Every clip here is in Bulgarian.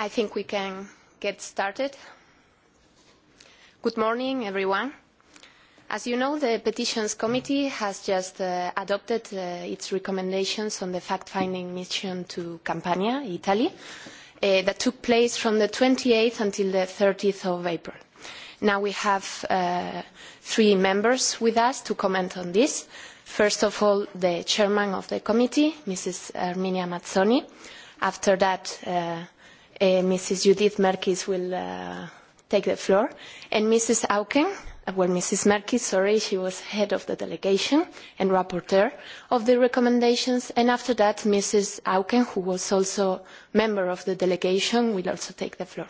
I think we can get started. Good morning, everyone. As you know, the Petitions Committee has just adopted its recommendations on the fact-finding mission to Campania, Italy, that took place from the 28th until the 30th of April. Now we have three members with us to comment on this. First of all, the chairman of the committee, Mrs. Arminia Mazzoni. After that, Mrs. Judith Merkis will uh, take the floor, and Mrs. Auken, well, Mrs. Merkis, sorry, she was head of the delegation and rapporteur of the recommendations, and after that, Mrs. Auken, who was also member of the delegation, will also take the floor.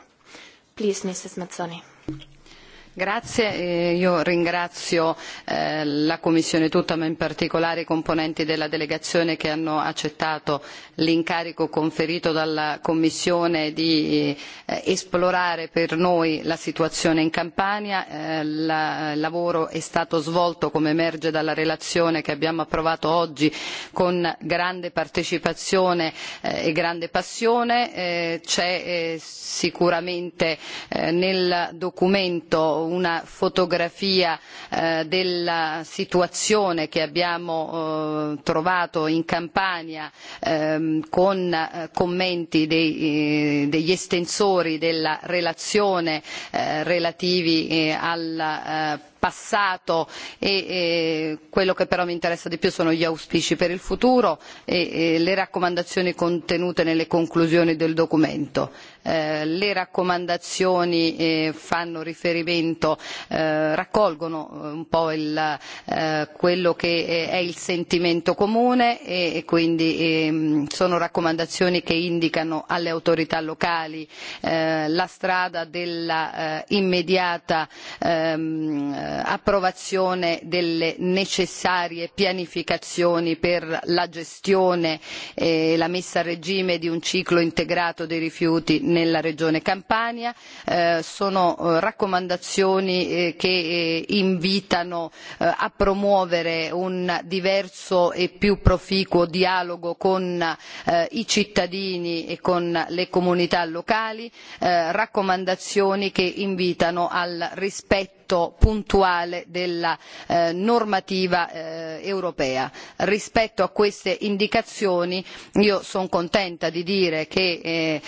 Please, Mrs. Mazzoni. Grazie, io ringrazio la Commissione tutta, ma in particolare i componenti della delegazione che hanno accettato l'incarico conferito dalla Commissione di esplorare per noi la situazione in Campania. Il lavoro è stato svolto, come emerge dalla relazione che abbiamo approvato oggi, con grande partecipazione e grande passione. C'è sicuramente nel documento una fotografia della situazione che abbiamo trovato in Campania con commenti degli estensori della relazione relativi al passato e quello che però mi interessa di più sono gli auspici per il futuro e le raccomandazioni contenute nelle conclusioni del documento le raccomandazioni fanno riferimento raccolgono un po' quello che è il sentimento comune e quindi sono raccomandazioni che indicano alle autorità locali la strada dell'immediata approvazione delle necessarie pianificazioni per la gestione e la messa a regime di un ciclo integrato dei rifiuti nella regione Campania, sono raccomandazioni che invitano a promuovere un diverso e più proficuo dialogo con i cittadini e con le comunità locali, raccomandazioni che invitano al rispetto rispetto puntuale della normativa europea. rispetto a queste indicazioni io sono contenta di dire che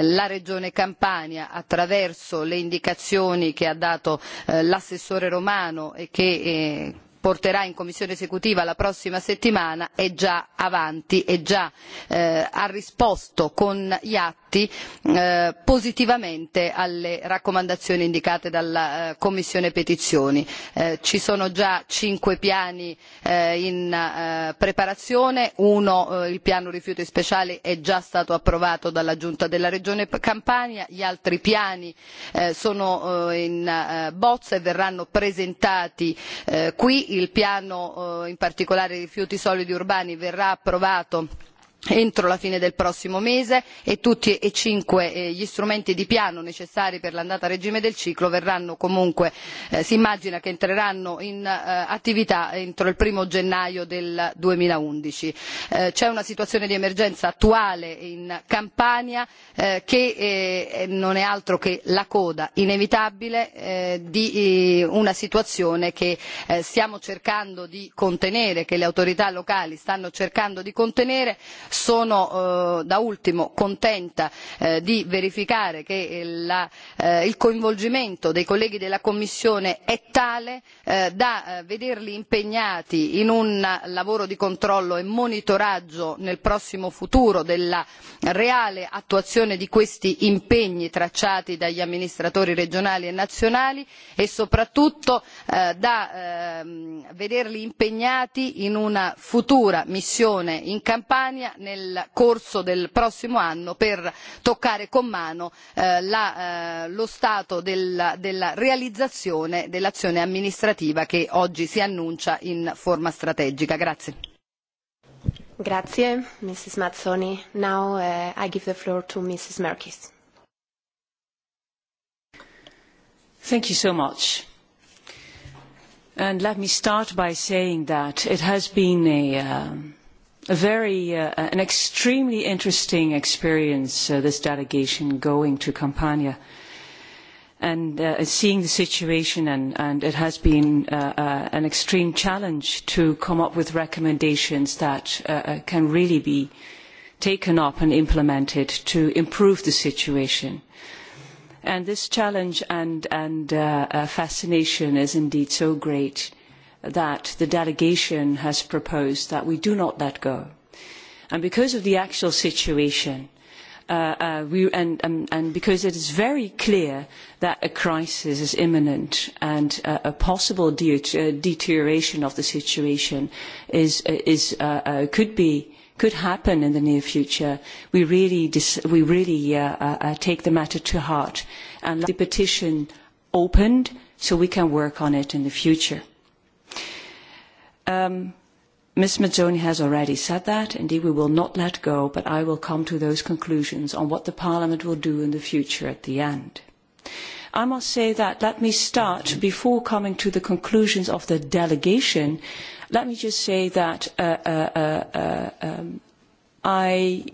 la regione campania attraverso le indicazioni che ha dato l'assessore romano e che porterà in commissione esecutiva la prossima settimana è già avanti e già ha risposto con gli atti fatti positivamente alle raccomandazioni indicate dalla Commissione Petizioni. ci sono già cinque piani in preparazione, uno, il piano rifiuti speciali, è già stato approvato dalla Giunta della Regione Campania, gli altri piani sono in bozza e verranno presentati qui, il piano in particolare rifiuti solidi urbani verrà approvato entro la fine del prossimo mese e tutti e cinque gli strumenti di piano necessari per l'andata a regime del ciclo verranno comunque si immagina che entreranno in attività entro il primo gennaio del. duemilaundici c'è una situazione di emergenza attuale in campania che non è altro che la coda inevitabile di una situazione che stiamo cercando di contenere che le autorità locali stanno cercando di contenere Sono da ultimo contenta di verificare che il coinvolgimento dei colleghi della Commissione è tale da vederli impegnati in un lavoro di controllo e monitoraggio nel prossimo futuro della reale attuazione di questi impegni tracciati dagli amministratori regionali e nazionali e soprattutto da vederli impegnati in una futura missione in campania nel corso del prossimo anno per toccare con mano lo stato della realizzazione dell'azione amministrativa che oggi si annuncia in forma strategica. Grazie, Mrs. Mazzoni. Now uh, I give the floor to Mrs. Merkis. Thank you so much. And let me start by saying that it has been a, very uh, an extremely interesting experience uh, this delegation going to Campania and uh, seeing the situation and, and it has been uh, uh, an extreme challenge to come up with recommendations that uh, can really be taken up and implemented to improve the situation. And this challenge and, and uh, fascination is indeed so great that the delegation has proposed that we do not let go. And because of the actual situation, and, because it is very clear that a crisis is imminent and a possible deterioration of the situation could happen in the near future, we really, take the matter to heart and the petition opened so we can work on it in the future. Um, Ms. Mazzoni has already said that. Indeed, we will not let go, but I will come to those conclusions on what the Parliament will do in the future at the end. I must say that let me start before coming to the conclusions of the delegation. Let me just say that I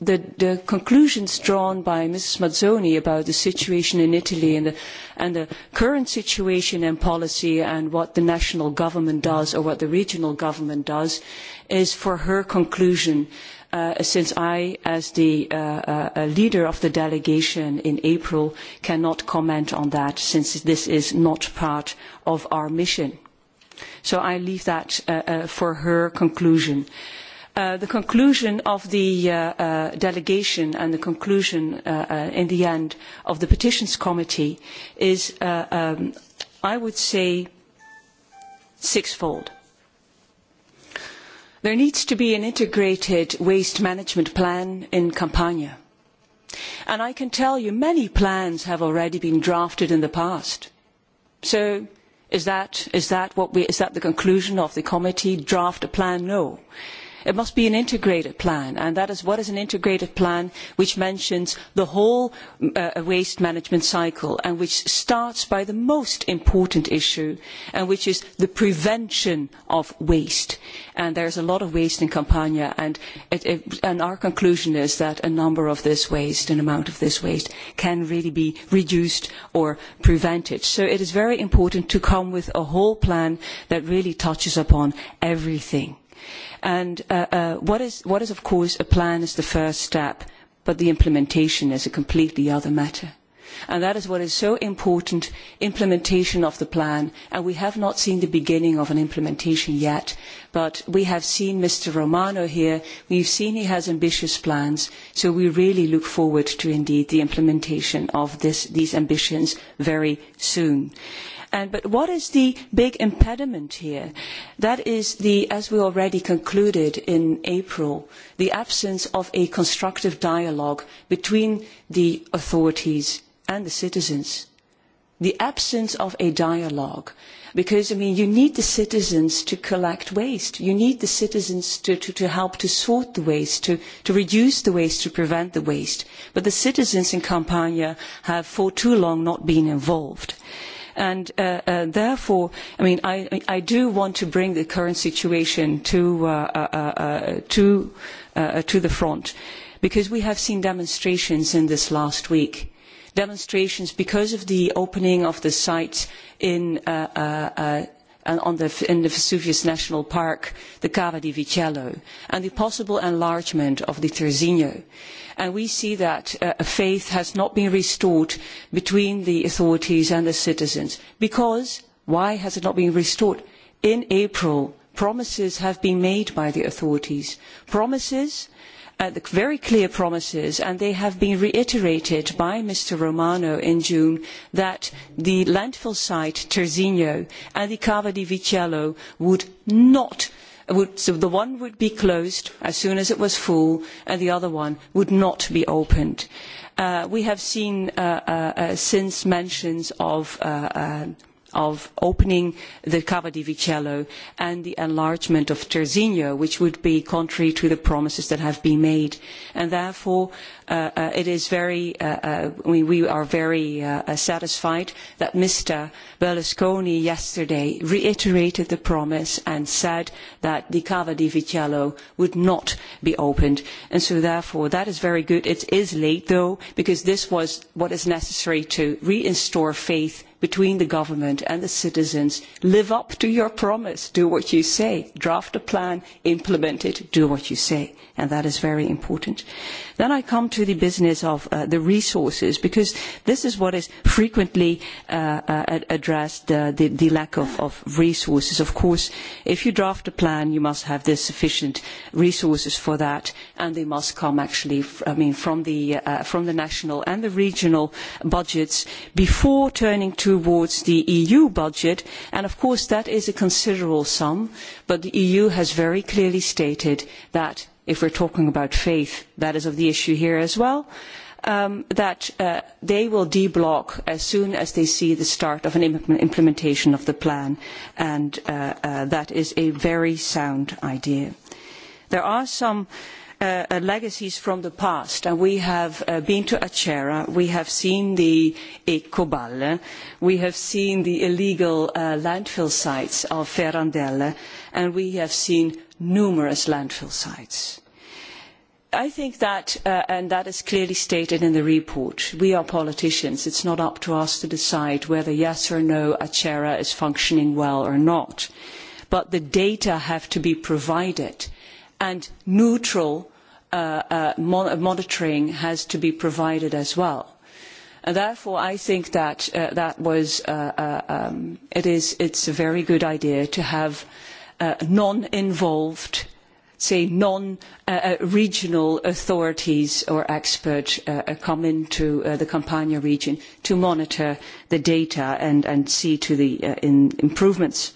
the, conclusions drawn by Mrs. Mazzoni about the situation in Italy and the, and the current situation and policy and what the national government does or what the regional government does is for her conclusion. since I, as the leader of the delegation in April, cannot comment on that since this is not part of our mission. So I leave that for her conclusion. Uh, the conclusion of the delegation and the conclusion in the end of the petitions committee is, I would say, sixfold. There needs to be an integrated waste management plan in Campania. And I can tell you many plans have already been drafted in the past. So is that, is that, what we, is that the conclusion of the committee? Draft a plan? No It must be an integrated plan, and that is what is an integrated plan which mentions the whole waste management cycle and which starts by the most important issue, and which is the prevention of waste. There is a lot of waste in Campania, and our conclusion is that a number of this waste, an amount of this waste, can really be reduced or prevented. So it is very important to come with a whole plan that really touches upon everything And what is, of course, a plan is the first step, but the implementation is a completely other matter. And that is what is so important, implementation of the plan. And we have not seen the beginning of an implementation yet, but we have seen Mr. Romano here. We have seen he has ambitious plans. So we really look forward to indeed the implementation of these ambitions very soon but what is the big impediment here? That is the, as we already concluded in April, the absence of a constructive dialogue between the authorities and the citizens. The absence of a dialogue. Because, I mean, you need the citizens to collect waste. You need the citizens to, to, to help to sort the waste, to, to reduce the waste, to prevent the waste. But the citizens in Campania have for too long not been involved And therefore, I mean, I, I do want to bring the current situation to, the front because we have seen demonstrations in this last week. Demonstrations because of the opening of the site in on the, in the Vesuvius National Park, the Cava di Vicello, and the possible enlargement of the Terzigno. And we see that uh, faith has not been restored between the authorities and the citizens. Because, why has it not been restored? In April, promises have been made by the authorities. Promises very clear promises, and they have been reiterated by Mr. Romano in June, that the landfill site Terzigno and the Cava di Vicello would not so the one would be closed as soon as it was full and the other one would not be opened. we have seen since mentions of of opening the Cava di Vicello and the enlargement of Terzinho, which would be contrary to the promises that have been made. And therefore, it is very, uh, we are very satisfied that Mr. Berlusconi yesterday reiterated the promise and said that the Cava di Vicello would not be opened. And so therefore, that is very good. It is late though, because this was what is necessary to reinstore faith between the government and the citizens. Live up to your promise. Do what you say. Draft a plan. Implement it. Do what you say. And that is very important. Then I come to the business of the resources, because this is what is frequently addressed, the, lack of, resources. Of course, if you draft a plan, you must have the sufficient resources for that, and they must come actually, from the, national and the regional budgets before turning towards the EU budget. And of course, that is a considerable sum, but the EU has very clearly stated that if we're talking about faith, that is of the issue here as well, that they will deblock as soon as they see the start of an implementation of the plan. And that is a very sound idea. There are some legacies from the past. And we have been to Aceh, we have seen the Cobal, we have seen the illegal landfill sites of Ferrandelle, and we have seen numerous landfill sites. I think that, and that is clearly stated in the report, we are politicians. It is not up to us to decide whether yes or no Acera is functioning well or not. But the data have to be provided and neutral monitoring has to be provided as well. therefore, I think that that was it is it's a very good idea to have non-involved, say non-regional authorities or experts come into the Campania region to monitor the data and see to the improvements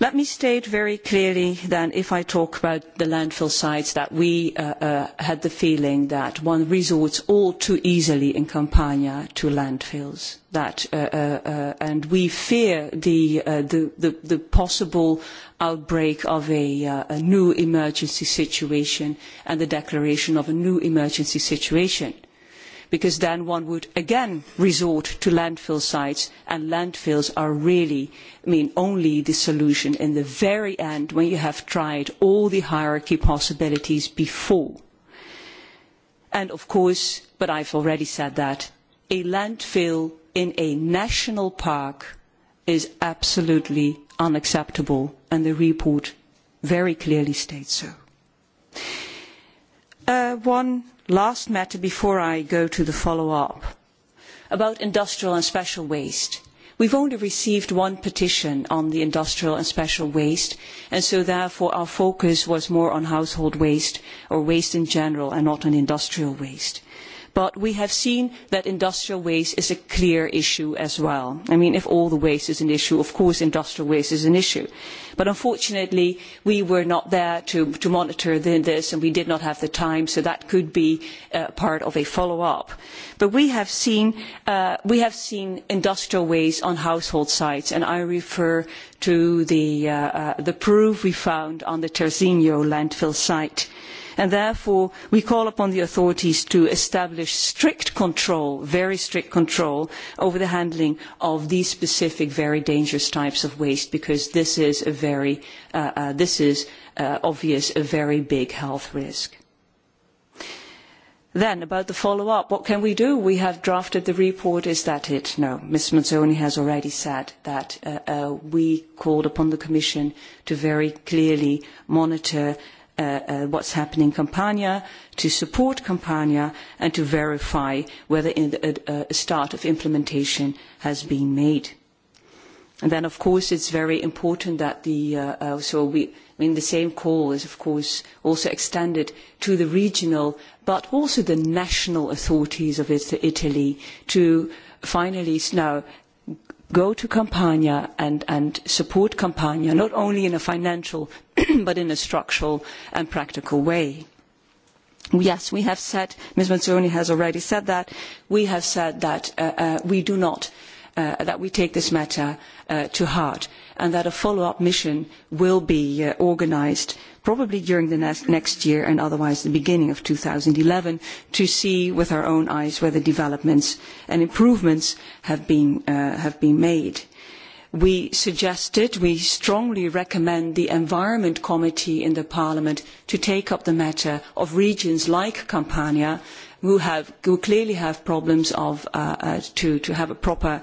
Let me state very clearly that if I talk about the landfill sites, that we had the feeling that one resorts all too easily in Campania to landfills. and we fear the, possible outbreak of a new emergency situation and the declaration of a new emergency situation because then one would again resort to landfill sites and landfills are really only the solution in the very end when you have tried all the hierarchy possibilities before. And of course, but I have already said that, a landfill in a national park is absolutely unacceptable and the report very clearly states so one last matter before I go to the follow-up about industrial and special waste. We have only received one petition on the industrial and special waste, and so therefore our focus was more on household waste or waste in general and not on industrial waste. But we have seen that industrial waste is a clear issue as well. I mean, if all the waste is an issue, of course industrial waste is an issue. But unfortunately, we were not there to, monitor this and we did not have the time, so that could be part of a follow-up. But we have seen, industrial waste on household sites, and I refer to the, proof we found on the Terzinho landfill site and therefore we call upon the authorities to establish strict control, very strict control, over the handling of these specific very dangerous types of waste because this is a very, this is obvious, a very big health risk. Then, about the follow-up, what can we do? We have drafted the report. Is that it? No. Ms. Mazzoni has already said that we called upon the Commission to very clearly monitor uh what's happening in Campania, to support Campania, and to verify whether a start of implementation has been made. And then, of course, it's very important that the uh, so we I mean the same call is, of course, also extended to the regional, but also the national authorities of Italy to finally now go to Campania and, and support Campania, not only in a financial but in a structural and practical way. Yes, we have said, Ms. Mazzoni has already said that, we have said that we do not, that we take this matter to heart and that a follow-up mission will be organised probably during the next year and otherwise the beginning of eleven to see with our own eyes whether developments and improvements have been made. We suggested, we strongly recommend the Environment Committee in Parliament to take up the matter of regions like Campania who, have, who clearly have problems of, to, have a proper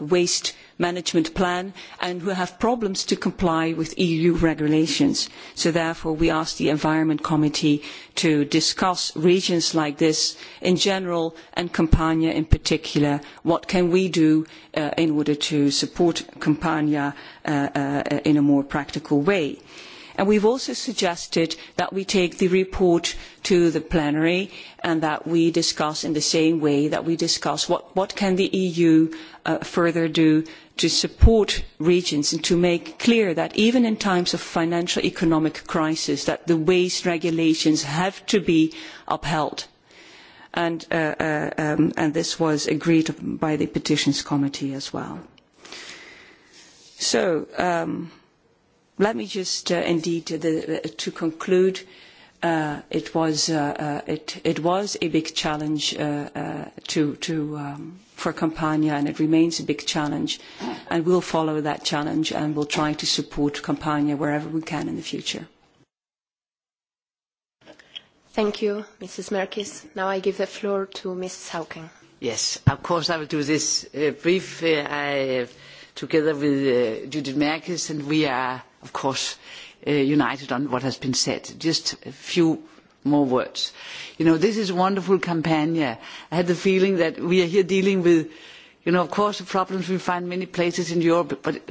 waste management plan and who have problems to comply with EU regulations. So therefore we ask the Environment Committee to discuss regions like this in general and Campania in particular. What can we do in order to support Campania in a more practical way? and we have also suggested that we take the report to the plenary and that we discuss in the same way that we discuss what, what can the EU further do to support regions and to make clear that even in times of financial economic crisis that the waste regulations have to be upheld and this was agreed by the petitions committee as well so let me just indeed to conclude it was a big challenge to for Campania, and it remains a big challenge. And we'll follow that challenge, and we'll try to support Campania wherever we can in the future. Thank you, Mrs. Merkis. Now I give the floor to Mrs. Hauken. Yes, of course I will do this uh, brief. Uh, I, together with uh, Judith Merkis, and we are, of course, uh, united on what has been said. Just a few more words. You know, this is a wonderful campaign. I had the feeling that we are here dealing with, you know, of course, the problems we find many places in Europe, but it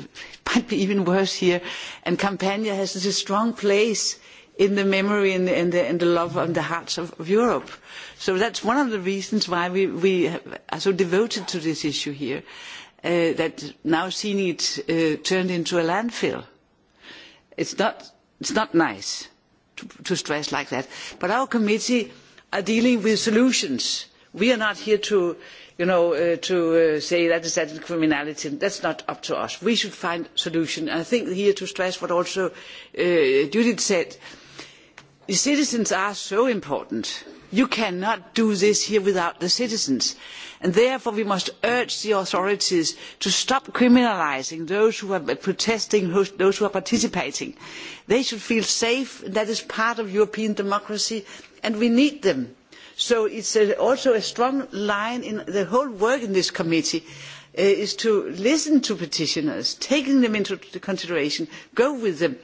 might be even worse here. And Campania has such a strong place in the memory and the, and the, and the love and the hearts of, of Europe. So that's one of the reasons why we, we are so devoted to this issue here, uh, that now seeing it uh, turned into a landfill, it's not, it's not nice to stress like that. But our committee are dealing with solutions. We are not here to, you know, to say that is that criminality. That's not up to us. We should find solutions. I think here to stress what also Judith said, the citizens are so important you cannot do this here without the citizens and therefore we must urge the authorities to stop criminalising those who are protesting those who are participating. they should feel safe that is part of european democracy and we need them. so it is also a strong line in the whole work in this committee is to listen to petitioners taking them into consideration go with them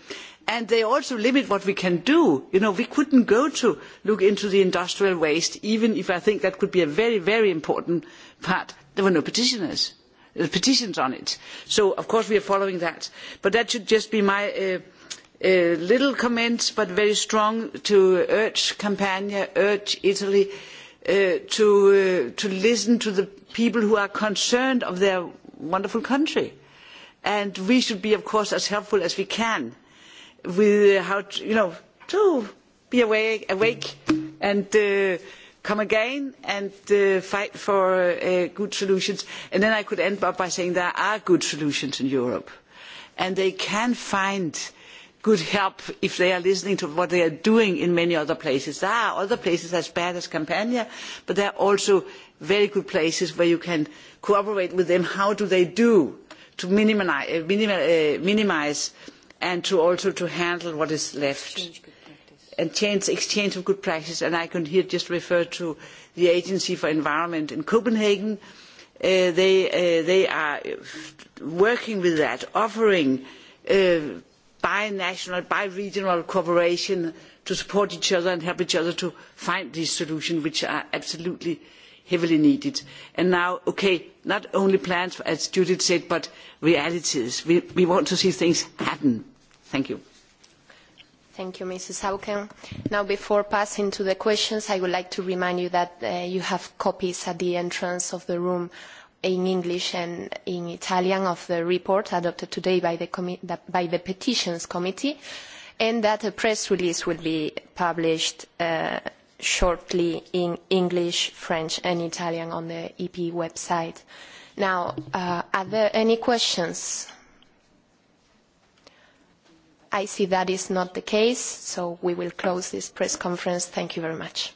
and they also limit what we can do. You know, we couldn't go to look into the industrial waste, even if I think that could be a very, very important part. There were no petitioners, petitions on it. So, of course, we are following that. But that should just be my little comment, but very strong to urge Campania, urge Italy to, listen to the people who are concerned of their wonderful country. And we should be, of course, as helpful as we can with how to, you know to be awake, awake and uh, come again and uh, fight for uh, good solutions. And then I could end up by saying there are good solutions in Europe, and they can find good help if they are listening to what they are doing in many other places. There are other places as bad as Campania, but there are also very good places where you can cooperate with them. How do they do to minimize, uh, minimize and to also to handle what is left and change exchange of good practice and I can here just refer to the Agency for Environment in Copenhagen. they, are working with that, offering bi-national, bi-regional cooperation to support each other and help each other to find these solutions which are absolutely heavily needed. And now, okay, not only plans, as Judith said, but realities. We, we want to see things happen. Thank you. Thank you, Mrs. Hauken. Now, before passing to the questions, I would like to remind you that uh, you have copies at the entrance of the room in English and in Italian of the report adopted today by the, by the Petitions Committee, and that a press release will be published uh, shortly in English, French and Italian on the EP website. Now, uh, are there any questions? I see that is not the case, so we will close this press conference. Thank you very much.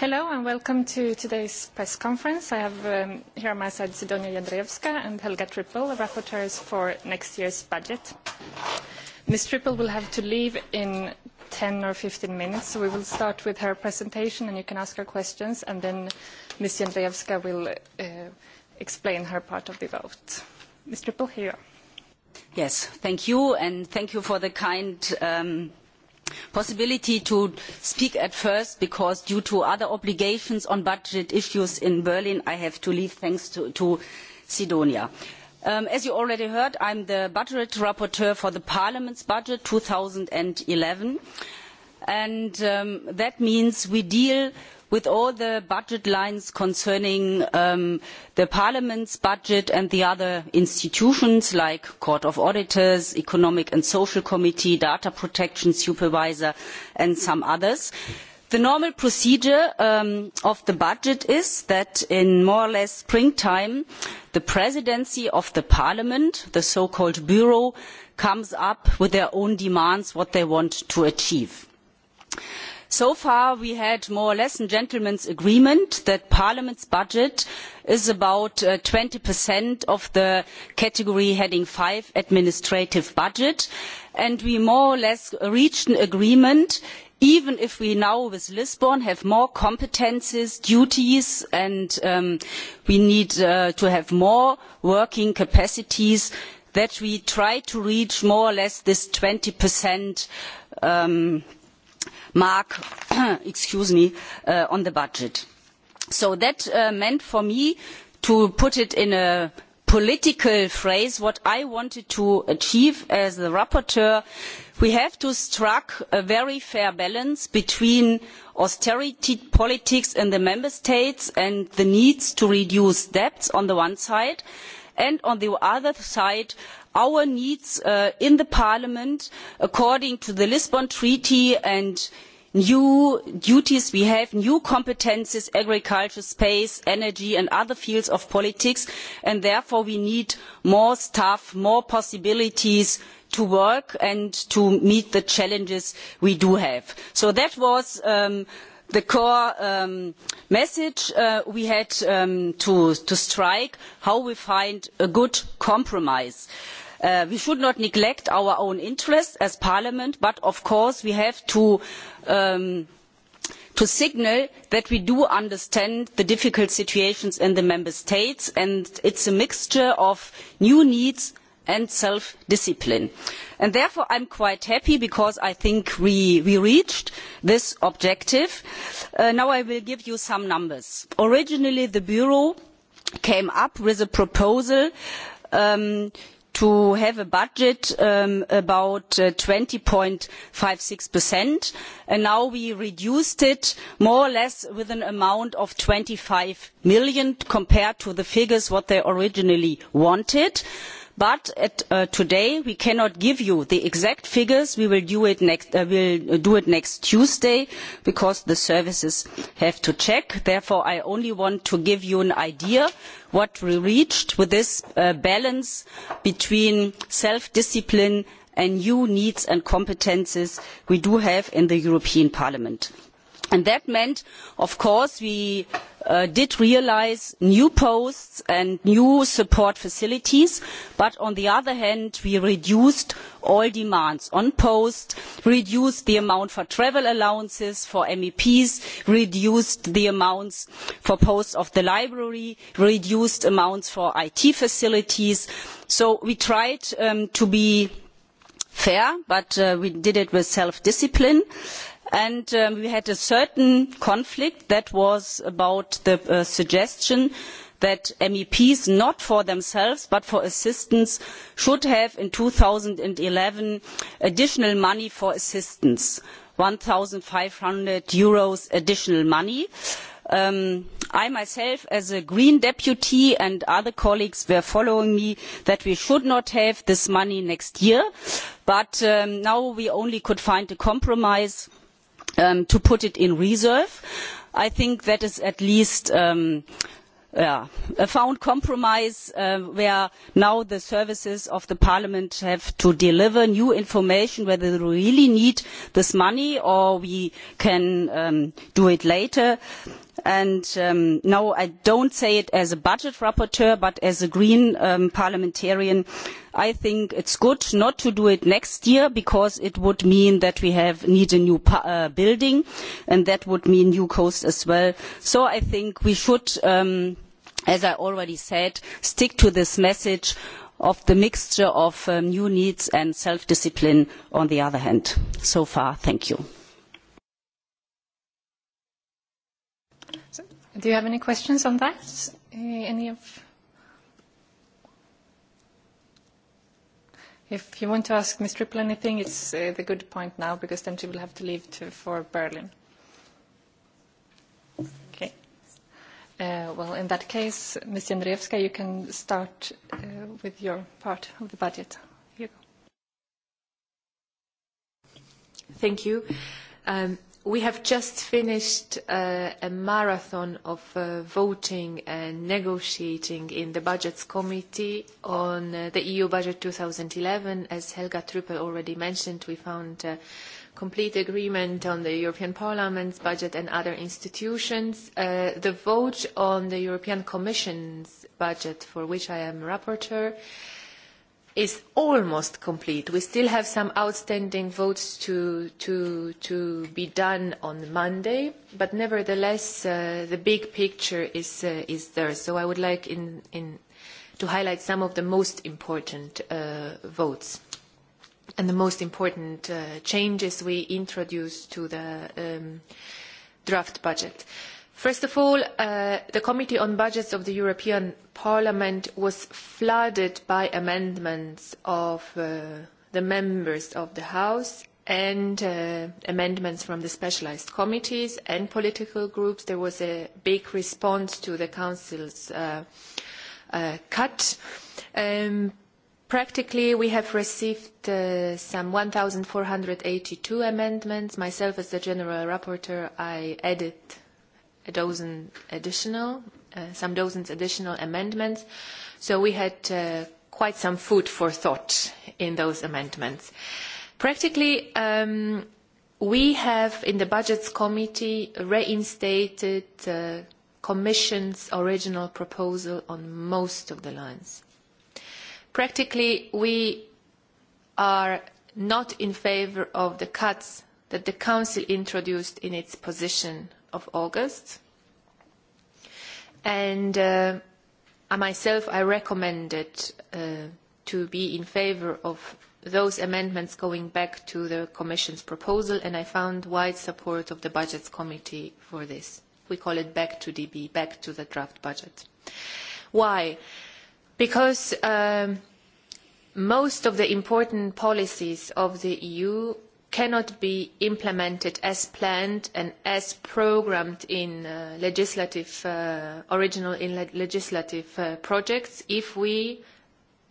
Hello, and welcome to today's press conference. I have um, here on my side Sidonia Jędrzejewska and Helga Trippel, rapporteurs for next year's budget. Ms. Trippel will have to leave in 10 or 15 minutes, so we will start with her presentation, and you can ask her questions, and then Ms. Jędrzejewska will uh, explain her part of the vote. Ms. Trippel, here you are. Yes, thank you, and thank you for the kind possibility to speak at first because due to other obligations on budget issues in Berlin I have to leave thanks to, Sidonia. as you already heard, I am the budget rapporteur for the Parliament's budget eleven and that means we deal with all the budget lines concerning parliament's budget and the other institutions like the court of auditors economic and social committee data protection supervisor and some others the normal procedure of the budget is that in more or less springtime the presidency of parliament the so called bureau comes up with their own demands what they want to achieve so far we had more or less a gentleman's agreement that parliament's budget is about twenty of the category heading five administrative budget and we more or less reached an agreement even if we now with lisbon have more competences duties and we need to have more working capacities that we try to reach more or less this twenty um, mark on the budget. so that meant for me to put it in a political phrase what i wanted to achieve as the rapporteur we have to strike a very fair balance between austerity politics in the member states and the need to reduce debts on the one side and on the other side our needs in parliament according to the lisbon treaty and new duties we have new competences agriculture space energy and other fields of politics and therefore we need more staff more possibilities to work and to meet the challenges we have. so that was the core message we had to strike how we find a good compromise. we should not neglect our own interests as parliament but of course we have to signal that we do understand the difficult situations in the member states and it is a mixture of new needs and self discipline. therefore i am quite happy because i think we reached this objective. now i will give you some numbers. originally the bureau came up with a proposal to have a budget of about twenty five six and now we reduced it more or less with an amount of eur twenty five million compared to the figures they originally wanted but today we cannot give you the exact figures. we will do it next tuesday because the services have to check. therefore i only want to give you an idea of what we reached with this balance between self discipline and new needs and competences we do have in the european parliament and that meant of course we did realise new posts and new support facilities but on the other hand we reduced all demands on posts reduced the amount for travel allowances for meps reduced the amounts for posts of the library reduced amounts for it facilities so we tried to be fair but we did it with self discipline and we had a certain conflict that was about the suggestion that meps not for themselves but for assistance should have in two thousand and eleven additional money for assistance eur one five hundred additional money. i myself as a green deputy and other colleagues were following me that we should not have this money next year but now we only could find a compromise to put it in reserve. I think that is at least a found compromise where now the services of the parliament have to deliver new information whether they really need this money or we can do it later and no i do not say it as a budget rapporteur but as a green parliamentarian i think it is good not to do it next year because it would mean that we need a new building and that would mean new costs as well so i think we should as i already said stick to this message of the mixture of new needs and self discipline on the other hand. so far thank you. Do you have any questions on that? Any of... If you want to ask Ms. Triple anything, it's uh, the good point now, because then she will have to leave to, for Berlin. Okay. Uh, well, in that case, Ms. Jendrievska, you can start uh, with your part of the budget. Here you go. Thank you. Um, we have just finished a marathon of voting and negotiating in the Budgets Committee on the EU Budget eleven. As Helga Truppel already mentioned, we found complete agreement on the European Parliament's budget and other institutions. the vote on the European Commission's budget, for which I am rapporteur, uh, is almost complete. We still have some outstanding votes to, be done on Monday, but nevertheless, the big picture is, there. So I would like to highlight some of the most important votes and the most important changes we introduced to the draft budget. First of all, the Committee on Budgets of the European Parliament was flooded by amendments of the members of the House and amendments from the specialised committees and political groups. There was a big response to the Council's cut. Practically, we have received uh, some 1,482 amendments. Myself, as the General Rapporteur, I added a dozen additional, uh, some dozens additional amendments. So we had uh, quite some food for thought in those amendments. Practically, um, we have in the Budgets Committee reinstated the Commission's original proposal on most of the lines. Practically, we are not in favour of the cuts that the Council introduced in its position of August. And uh, I myself, I recommended uh, to be in favour of those amendments going back to the Commission's proposal, and I found wide support of the Budgets Committee for this. We call it back to DB, back to the draft budget. Why? Because um, most of the important policies of the EU cannot be implemented as planned and as programmed in legislative original in legislative projects if we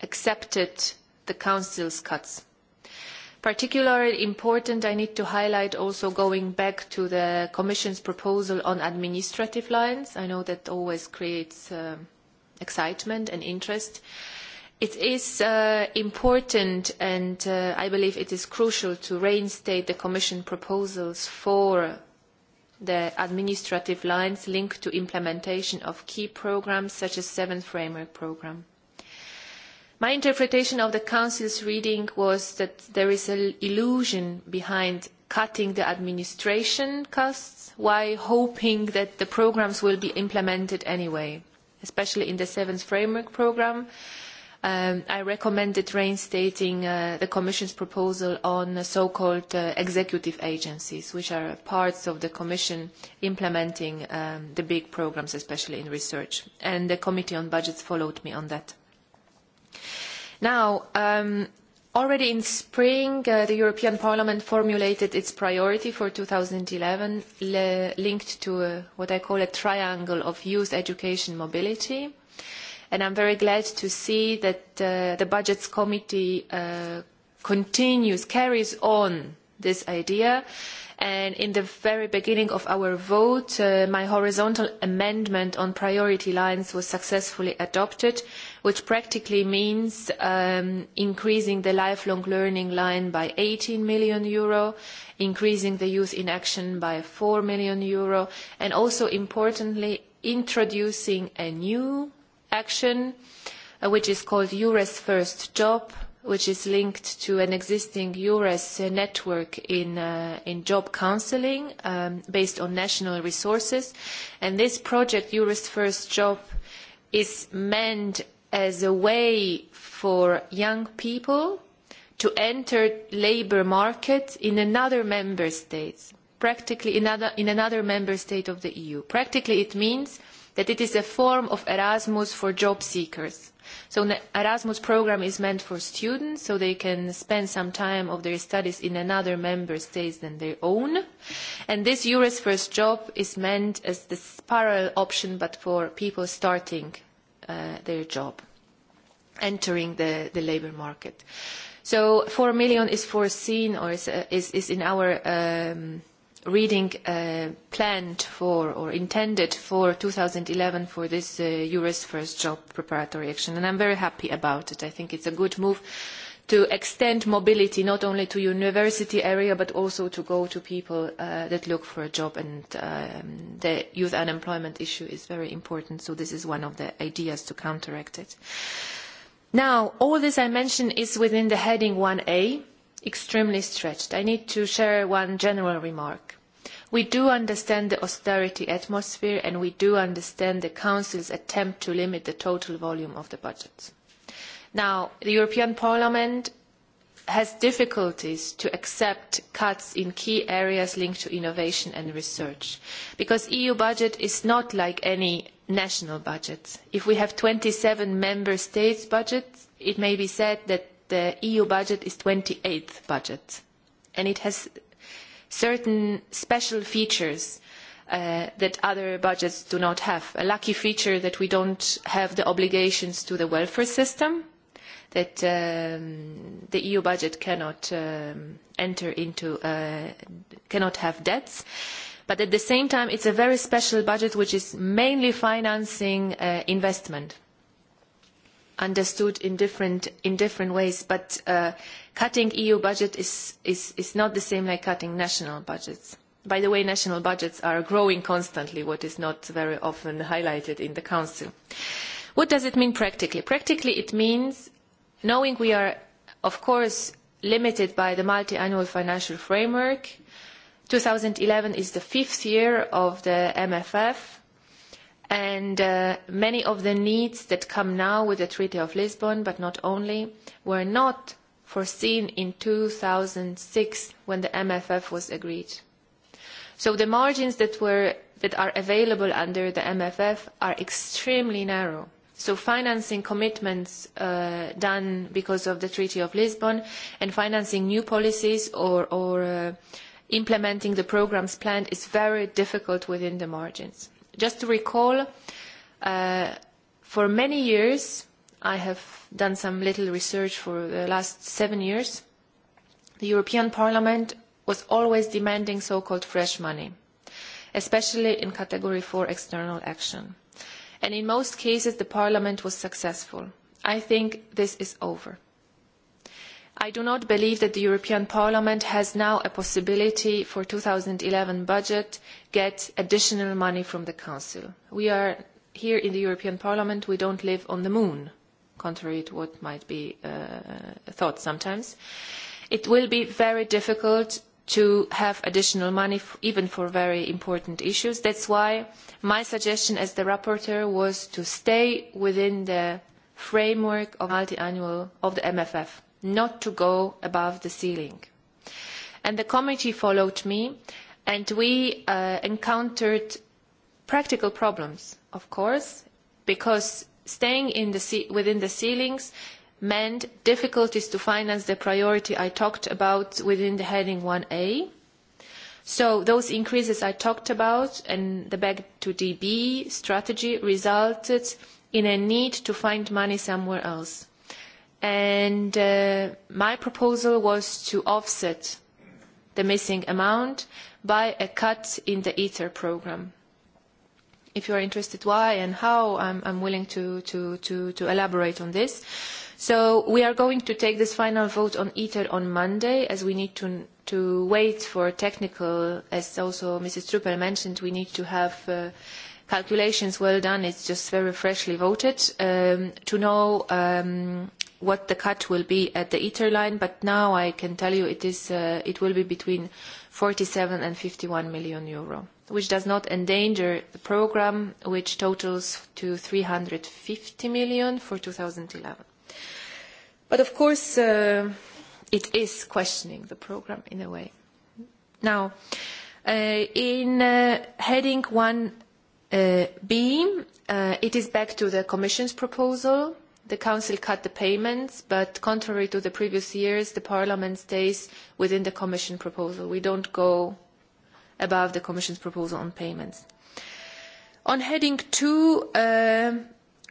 accepted the council's cuts particularly important i need to highlight also going back to the commission's proposal on administrative lines i know that always creates excitement and interest uh, It is important, and I believe it is crucial, to reinstate the Commission proposals for the administrative lines linked to implementation of key programmes such as the seventh framework programme. My interpretation of the Council's reading was that there is an illusion behind cutting the administration costs while hoping that the programmes will be implemented anyway, especially in the seventh framework programme I recommended reinstating the Commission's proposal on so-called executive agencies, which are parts of the Commission implementing the big programmes, especially in research. And the Committee on Budgets followed me on that. Now, already in spring, the European Parliament formulated its priority for 2011, eleven linked to what I call a triangle of youth education mobility. Uh, and I'm very glad to see that the Budgets Committee continues, carries on this idea. And in the very beginning of our vote, my horizontal amendment on priority lines was successfully adopted, which practically means increasing the lifelong learning line by 18 million euro, increasing the youth in action by 4 million euro, and also importantly, introducing a new action, which is called EURES First Job, which is linked to an existing EURES network in job counseling based on national resources. And this project, EURES First Job, is meant as a way for young people to enter labour market in another member state, practically in another member state of the EU. Practically, it means – that it is a form of Erasmus for job seekers. So the Erasmus program is meant for students, so they can spend some time of their studies in another member state than their own. And this Euros First Job is meant as the parallel option, but for people starting uh, their job, entering the, the labor market. So 4 million is foreseen or is, uh, is, is in our um, reading planned for or intended for 2011 for this EURES first job preparatory action. And I'm very happy about it. I think it's a good move to extend mobility not only to university area but also to go to people that look for a job and the youth unemployment issue is very important so this is one of the ideas to counteract it. Now all this I mentioned is within the heading one a extremely stretched. I need to share one general remark. We do understand the austerity atmosphere and we do understand the Council's attempt to limit the total volume of the budget. Now, the European Parliament has difficulties to accept cuts in key areas linked to innovation and research because the EU budget is not like any national budget. If we have twenty seven member states' budgets, it may be said that the EU budget is the twenty eighth budget and it has certain special features that other budgets do not have. A lucky feature that we don't have the obligations to the welfare system, that the EU budget cannot enter into, cannot have debts. But at the same time, it's a very special budget which is mainly financing investment understood in different in different ways. But uh, cutting EU budget is, is is not the same like cutting national budgets. By the way, national budgets are growing constantly, what is not very often highlighted in the Council. What does it mean practically? Practically, it means knowing we are, of course, limited by the multi-annual financial framework. 2011 is the fifth year of the MFF And uh, many of the needs that come now with the Treaty of Lisbon, but not only, were not foreseen in 2006 when the MFF was agreed. So the margins that, were, that are available under the MFF are extremely narrow. So financing commitments uh, done because of the Treaty of Lisbon and financing new policies or, or uh, implementing the programs planned is very difficult within the margins. Just to recall, uh, for many years, I have done some little research for the last seven years, the European Parliament was always demanding so-called fresh money, especially in Category 4 external action. And in most cases, the Parliament was successful. I think this is over I do not believe that the European Parliament has now a possibility for the eleven budget to get additional money from the Council. We are here in the European Parliament, we don't live on the moon, contrary to what might be thought sometimes. It will be very difficult to have additional money, even for very important issues. That is why my suggestion as the rapporteur was to stay within the framework of multi-annual of the MFF not to go above the ceiling. And the committee followed me, and we uh, encountered practical problems, of course, because staying in the within the ceilings meant difficulties to finance the priority I talked about within the heading 1A. So those increases I talked about and the back to DB strategy resulted in a need to find money somewhere else and my proposal was to offset the missing amount by a cut in the ITER program. If you are interested why and how, I'm, I'm willing to, to, to, to elaborate on this. So we are going to take this final vote on ITER on Monday, as we need to, to wait for technical, as also Mrs. Truppel mentioned, we need to have uh, calculations well done. It's just very freshly voted um, to know um, what the cut will be at the ITER line, but now I can tell you it is, uh it will be between 47 and 51 million euro, which does not endanger the program, which totals to 350 million for 2011. But of course, uh it is questioning the program in a way. Now, uh in uh heading 1B, uh it is back to the Commission's proposal, The Council cut the payments, but contrary to the previous years, the Parliament stays within the Commission proposal. We don't go above the Commission's proposal on payments. On heading two,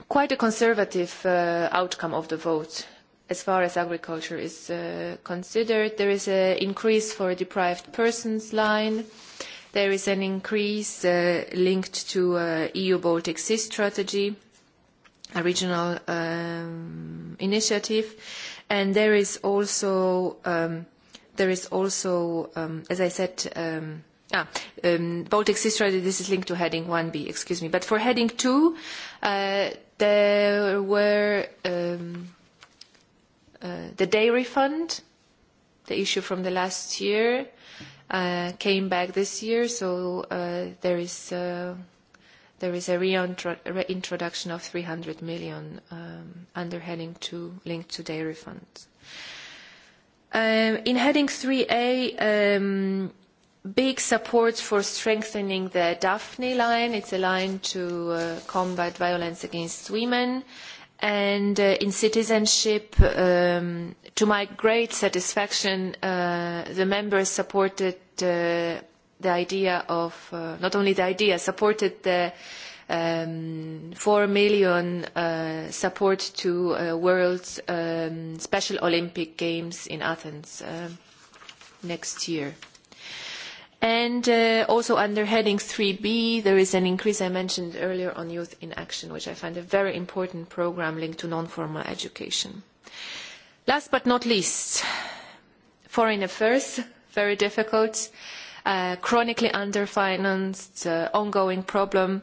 quite a conservative outcome of the vote as far as agriculture is considered. There is an increase for deprived persons line. There is an increase linked to EU Baltic Sea strategy a regional um, initiative, and there is also um, there is also, um, as I said. Um, Ah, um, Baltic Sea Strategy, this is linked to heading 1B, excuse me. But for heading 2, uh, there were um, uh, the dairy fund, the issue from the last year, uh, came back this year, so uh, there is uh, there is a reintroduction of 300 million um, under heading 2 linked to dairy funds. Um, in heading 3A, um, big support for strengthening the Daphne line. It's a line to uh, combat violence against women. And uh, in citizenship, um, to my great satisfaction, uh, the members supported uh, the idea of, uh, not only the idea, supported the um, million uh, support to uh, world's um, Special Olympic Games in Athens uh, next year. And uh, also under heading 3B, there is an increase I mentioned earlier on Youth in Action, which I find a very important program linked to non-formal education. Last but not least, foreign affairs, very difficult. Uh, uh, chronically underfinanced, uh, ongoing problem,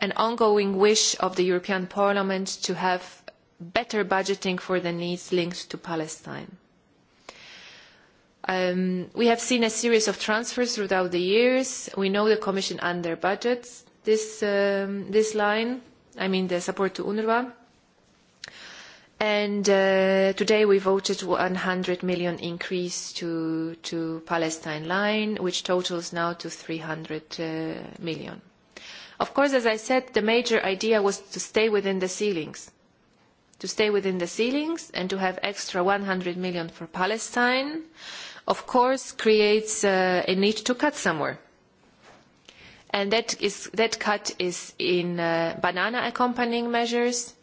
an ongoing wish of the European Parliament to have better budgeting for the needs linked to Palestine. we have seen a series of transfers throughout the years. We know the Commission under budgets this, this line, I mean the support to UNRWA And today we voted a one hundred million increase to, to Palestine line, which totals now to three hundred million. Of course, as I said, the major idea was to stay within the ceilings, to stay within the ceilings and to have extra one hundred million for Palestine, of course, creates a need to cut somewhere. And that, is, that cut is in banana accompanying measures,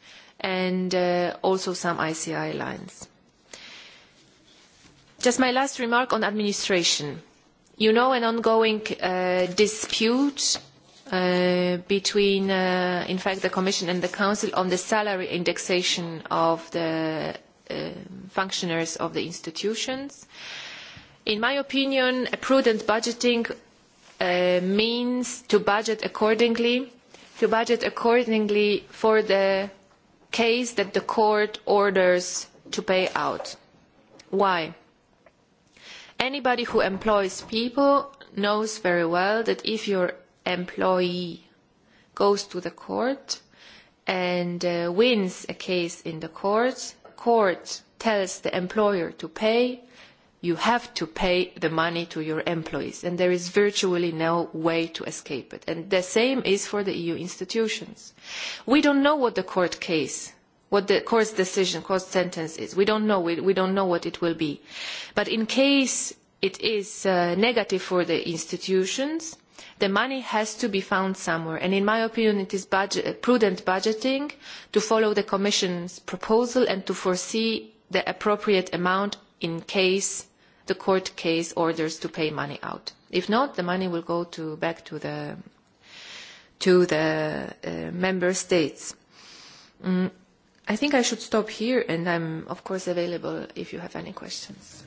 and also some ICI lines. Just my last remark on administration. You know an ongoing dispute between, in fact, the Commission and the Council on the salary indexation of the functionaries of the institutions. In my opinion, a prudent budgeting means to budget accordingly, to budget accordingly for the case that the court orders to pay out. Why? Anybody who employs people knows very well that if your employee goes to the court and uh, wins a case in the court, court tells the employer to pay, you have to pay the money to your employees, and there is virtually no way to escape it. And the same is for the EU institutions. We don't know what the court case, what the court's decision, court sentence is. We don't know. We, we don't know what it will be. But in case it is uh, negative for the institutions, the money has to be found somewhere. And in my opinion, it is budget, prudent budgeting to follow the Commission's proposal and to foresee the appropriate amount in case the court case orders to pay money out. If not, the money will go to, back to the, to the uh, member states. Mm, I think I should stop here, and I'm, of course, available if you have any questions.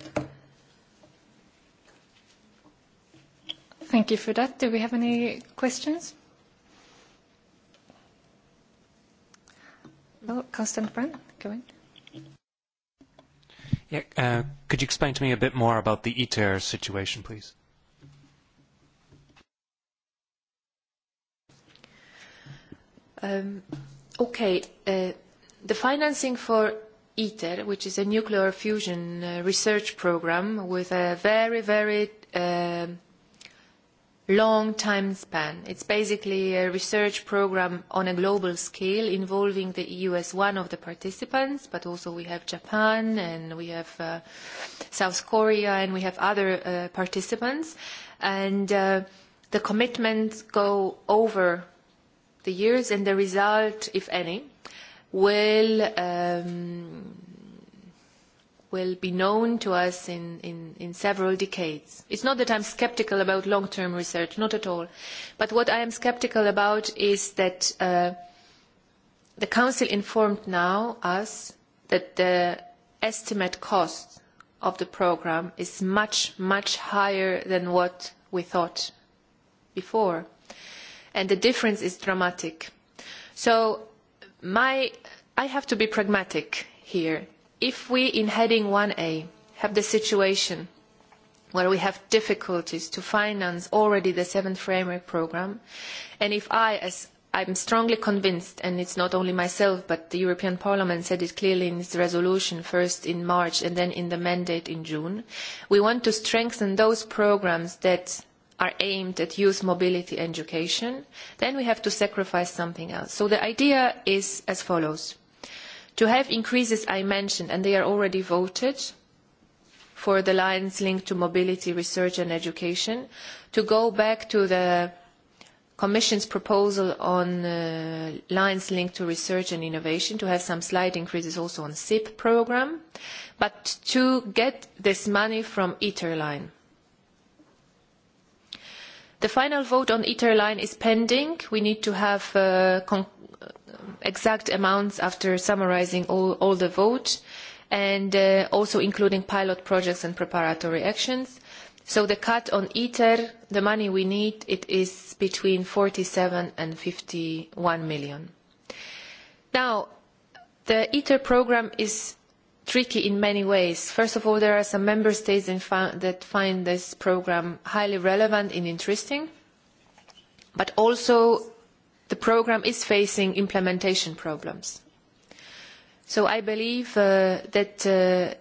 Thank you for that. Do we have any questions? No, Constant Brand, go ahead. Yeah, uh, could you explain to me a bit more about the ITER situation, please? Um, okay, uh, the financing for ITER, which is a nuclear fusion uh, research program with a very, very uh, long time span. It's basically a research program on a global scale involving the EU as one of the participants, but also we have Japan and we have uh, South Korea and we have other uh, participants. And uh, the commitments go over the years and the result, if any, will um, will be known to us in, in, in several decades. It's not that I'm skeptical about long-term research, not at all. But what I am skeptical about is that uh, the Council informed now us that the estimate cost of the programme is much, much higher than what we thought before. And the difference is dramatic. So my, I have to be pragmatic here If we, in heading 1A, have the situation where we have difficulties to finance already the seventh framework program, and if I, as I'm strongly convinced, and it's not only myself, but the European Parliament said it clearly in its resolution, first in March and then in the mandate in June. We want to strengthen those programmes that are aimed at youth mobility and education. Then we have to sacrifice something else. So the idea is as follows To have increases I mentioned, and they are already voted for the lines linked to mobility, research and education, to go back to the Commission's proposal on lines linked to research and innovation to have some slight increases also on SIP program, but to get this money from ITER line. The final vote on ITER line is pending. We need to have uh, exact amounts after summarising all, the vote and also including pilot projects and preparatory actions. So the cut on ITER, the money we need, it is between forty seven and fifty one million. Now, the ITER programme is tricky in many ways. First of all, there are some member states that find this programme highly relevant and interesting, but also the programme is facing implementation problems. So I believe that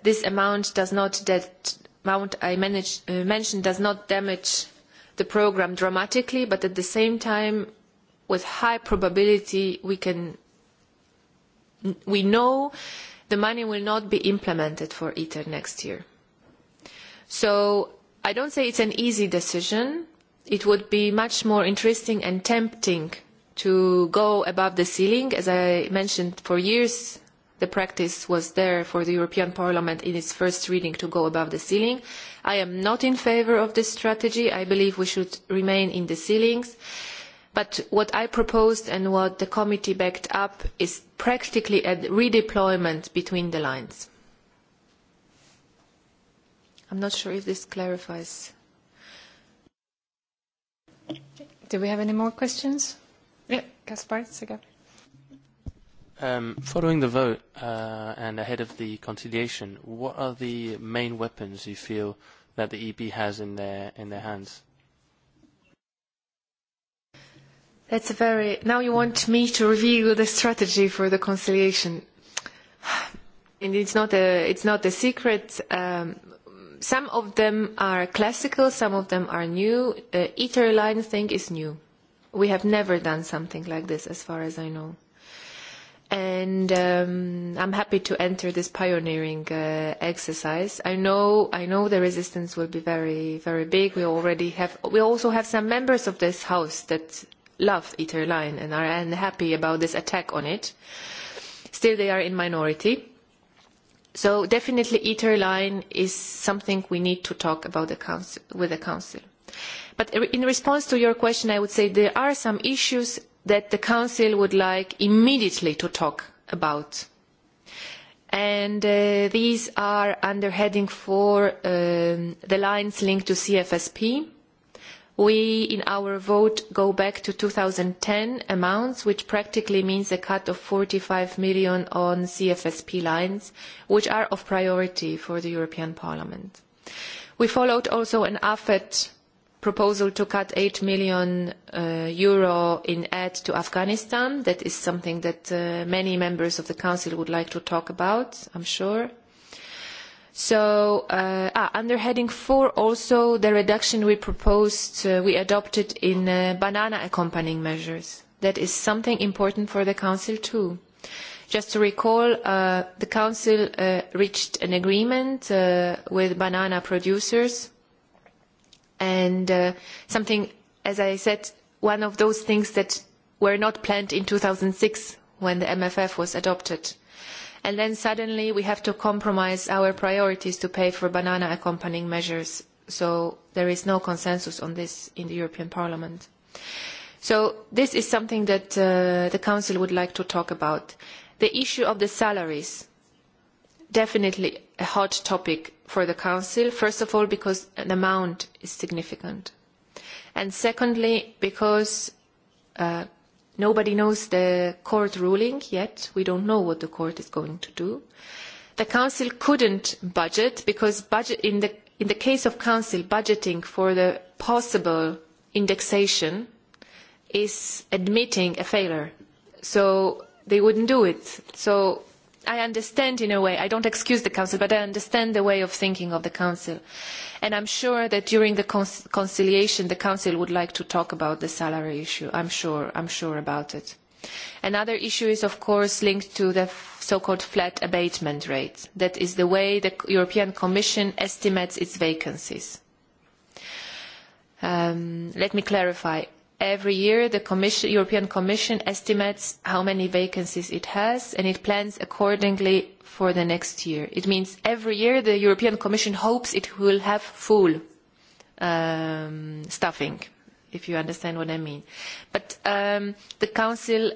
this amount does not that amount I mentioned does not damage the programme dramatically, but at the same time, with high probability, we can we know the money will not be implemented for ITER next year. So I don't say it's an easy decision. It would be much more interesting and tempting to go above the ceiling. As I mentioned, for years the practice was there for the European Parliament in its first reading to go above the ceiling. I am not in favour of this strategy. I believe we should remain in the ceilings. But what I proposed and what the committee backed up is practically a redeployment between the lines. I'm not sure if this clarifies. Do we have any more questions? Kaspar Sega. Um, following the vote uh, and ahead of the conciliation, what are the main weapons you feel that the EB has in their in their hands? That's a very. Now you want me to review the strategy for the conciliation. And it's not a it's not a secret. Um, some of them are classical, some of them are new. Uh, ITER line thing is new We have never done something like this, as far as I know. And um, I'm happy to enter this pioneering uh, exercise. I know, I know the resistance will be very, very big. We already have, we also have some members of this house that love line and are unhappy about this attack on it. Still, they are in minority. So definitely, line is something we need to talk about the council, with the council But in response to your question, I would say there are some issues that the Council would like immediately to talk about. And these are under heading four, the lines linked to CFSP. We, in our vote, go back to 2010 amounts, which practically means a cut of 45 million on CFSP lines, which are of priority for the European Parliament. We followed also an AFET proposal to cut EUR 8 million in aid to Afghanistan. That is something that many members of the Council would like to talk about, I'm sure. So Under heading four, also the reduction we proposed, we adopted in banana accompanying measures. That is something important for the Council too. Just to recall, the Council reached an agreement with banana producers and uh, something, as I said, one of those things that were not planned in 2006 when the MFF was adopted. And then suddenly we have to compromise our priorities to pay for banana accompanying measures. So there is no consensus on this in the European Parliament. So this is something that uh, the Council would like to talk about. The issue of the salaries, definitely a hot topic for the Council, first of all because an amount is significant, and secondly because uh, nobody knows the court ruling yet. We don't know what the court is going to do. The Council couldn't budget because budget in the in the case of Council, budgeting for the possible indexation is admitting a failure. So they wouldn't do it. So I understand in a way, I don't excuse the Council, but I understand the way of thinking of the Council. And I'm sure that during the conciliation, the Council would like to talk about the salary issue. I'm sure, I'm sure about it. Another issue is, of course, linked to the so-called flat abatement rate. That is the way the European Commission estimates its vacancies. let me clarify every year the european commission estimates how many vacancies it has and it plans accordingly for the next year it means every year the european commission hopes it will have full staffing if you understand what i mean but the council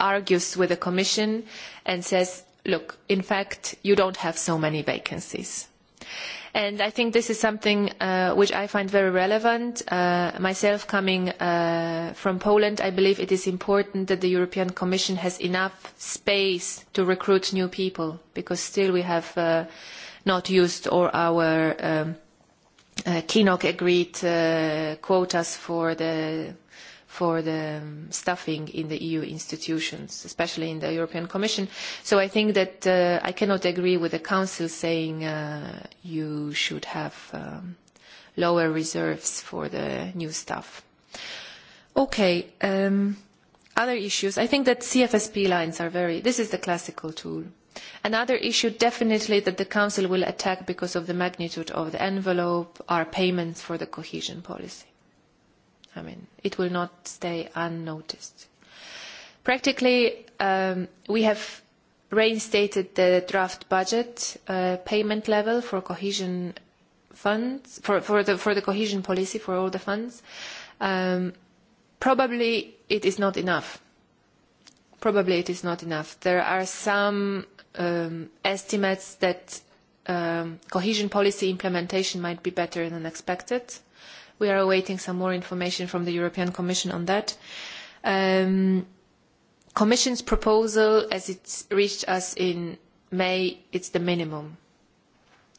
argues with the commission and says look in fact you don't have so many vacancies And I think this is something uh, which I find very relevant. Uh, myself coming uh, from Poland, I believe it is important that the European Commission has enough space to recruit new people because still we have uh, not used all our um, uh, KINOC agreed uh, quotas for the for the staffing in the EU institutions, especially in the European Commission. So I think that uh, I cannot agree with the Council saying uh, you should have um, lower reserves for the new staff. Okay. Um, other issues. I think that CFSP lines are very, this is the classical tool. Another issue definitely that the Council will attack because of the magnitude of the envelope are payments for the cohesion policy I mean, it will not stay unnoticed. Practically, um, we have reinstated the draft budget uh, payment level for cohesion funds, for, for, the, for the cohesion policy for all the funds. Um, probably it is not enough. Probably it is not enough. There are some um, estimates that um, cohesion policy implementation might be better than expected. Uh, We are awaiting some more information from the European Commission on that. Um, Commission's proposal, as it's reached us in May, it's the minimum.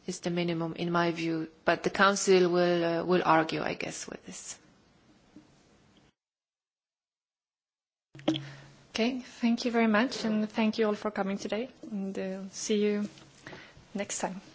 It's the minimum, in my view. But the Council will uh, will argue, I guess, with this. Okay, thank you very much, and thank you all for coming today, and uh, see you next time.